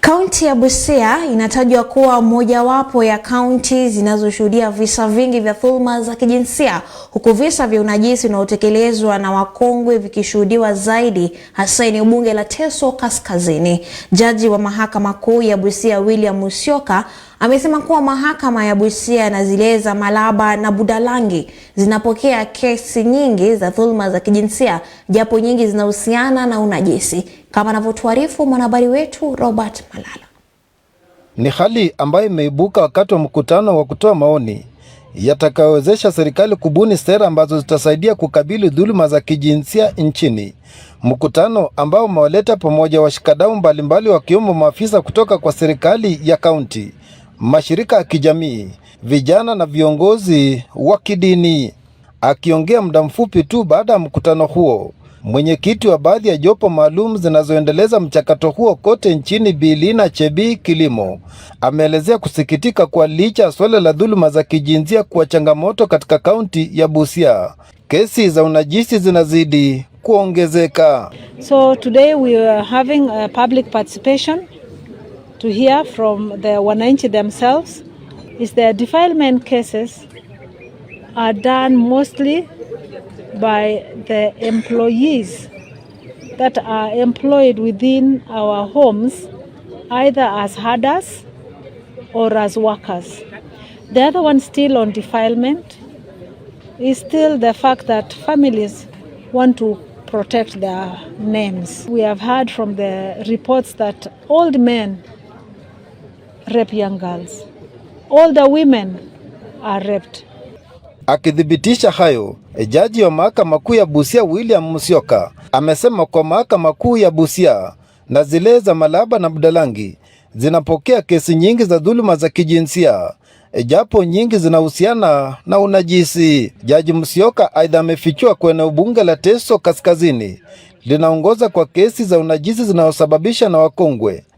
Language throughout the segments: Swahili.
Kaunti ya Busia inatajwa kuwa mojawapo ya kaunti zinazoshuhudia visa vingi vya dhuluma za kijinsia huku visa vya unajisi unaotekelezwa na wakongwe vikishuhudiwa zaidi hasa eneo bunge la Teso Kaskazini. Jaji wa Mahakama Kuu ya Busia William Musyoka amesema kuwa mahakama ya Busia na zile za Malaba na Budalangi zinapokea kesi nyingi za dhuluma za kijinsia, japo nyingi zinahusiana na unajisi, kama anavyotuarifu mwanahabari wetu Robert Malala. Ni hali ambayo imeibuka wakati wa mkutano wa kutoa maoni yatakayowezesha serikali kubuni sera ambazo zitasaidia kukabili dhuluma za kijinsia nchini. Mkutano ambao umewaleta pamoja washikadau mbalimbali wakiwemo maafisa kutoka kwa serikali ya kaunti, mashirika ya kijamii, vijana na viongozi wa kidini. Akiongea muda mfupi tu baada ya mkutano huo, mwenyekiti wa baadhi ya jopo maalum zinazoendeleza mchakato huo kote nchini bilina chebi Kilimo ameelezea kusikitika kwa licha ya suala la dhuluma za kijinsia kuwa changamoto katika kaunti ya Busia, kesi za unajisi zinazidi kuongezeka. So today we are having a public participation to hear from the wananchi themselves is the defilement cases are done mostly by the employees that are employed within our homes, either as herders or as workers. The other one still on defilement is still the fact that families want to protect their names. We have heard from the reports that old men rape young girls. All the women are raped. Akithibitisha hayo, e jaji wa mahakama kuu ya Busia William Musyoka amesema kwa mahakama kuu ya Busia na zile za Malaba na Budalangi zinapokea kesi nyingi za dhuluma za kijinsia e japo nyingi zinahusiana na unajisi. Jaji Musyoka aidha amefichua kwa eneo bunge la Teso Kaskazini linaongoza kwa kesi za unajisi zinazosababisha na wakongwe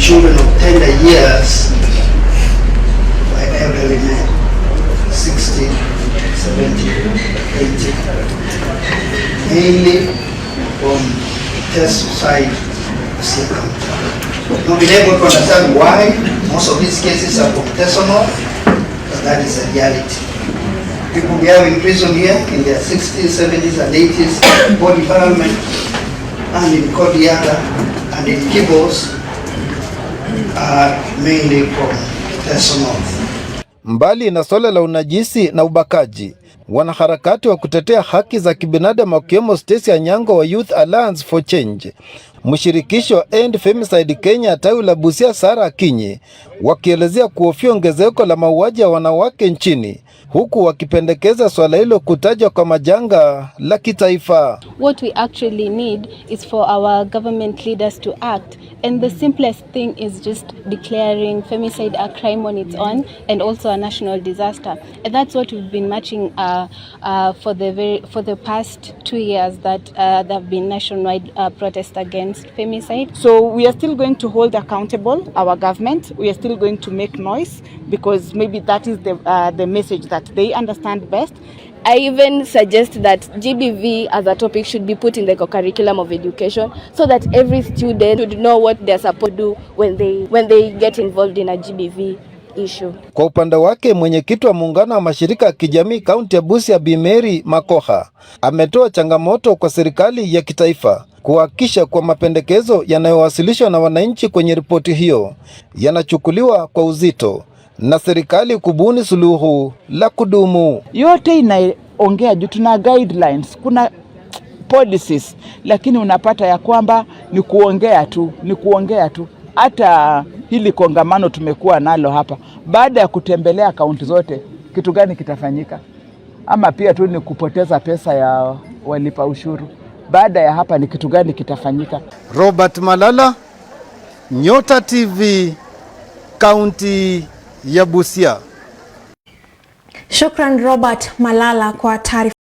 children of tender years by elderly men, 60, 70, 80, mainly from just side of Sikkim. Not been able to understand why most of these cases are confessional, but that is a reality. People we have in prison here in their 60s, 70s, and 80s, body development, and in Kodiara, and in Kibos, mainly from Thessaloniki. Mbali na swala la unajisi na ubakaji, wanaharakati wa kutetea haki za kibinadamu wakiwemo Stacey Anyango wa Youth Alliance for Change, mshirikisho wa End Femicide Kenya tawi la Busia Sara Akinyi wakielezea kuhofia ongezeko la mauaji ya wanawake nchini huku wakipendekeza swala hilo kutajwa kwa majanga la kitaifa. What we actually need is for our government leaders to act and the simplest thing is just declaring femicide a crime on its own and also a national disaster. And that's what we've been marching uh, uh, for the very, for the past two years that uh, there have been nationwide uh, protests against femicide. So we are still going to hold accountable our government. We are still still going to make noise because maybe that is the, uh, the message that they understand best. I even suggest that GBV as a topic should be put in the curriculum of education so that every student would know what they're supposed to do when they, when they get involved in a GBV. issue. Kwa upande wake mwenyekiti wa muungano wa mashirika ya kijamii kaunti ya Busia Bi Mary Makoha ametoa changamoto kwa serikali ya kitaifa kuhakikisha kwa mapendekezo yanayowasilishwa na wananchi kwenye ripoti hiyo yanachukuliwa kwa uzito na serikali kubuni suluhu la kudumu. Yote inaongea juu tuna guidelines, kuna policies, lakini unapata ya kwamba ni kuongea tu, ni kuongea tu hata hili kongamano tumekuwa nalo hapa, baada ya kutembelea kaunti zote, kitu gani kitafanyika? Ama pia tu ni kupoteza pesa ya walipa ushuru. Baada ya hapa ni kitu gani kitafanyika? Robert Malala, Nyota TV, kaunti ya Busia. Shukran Robert Malala kwa taarifa.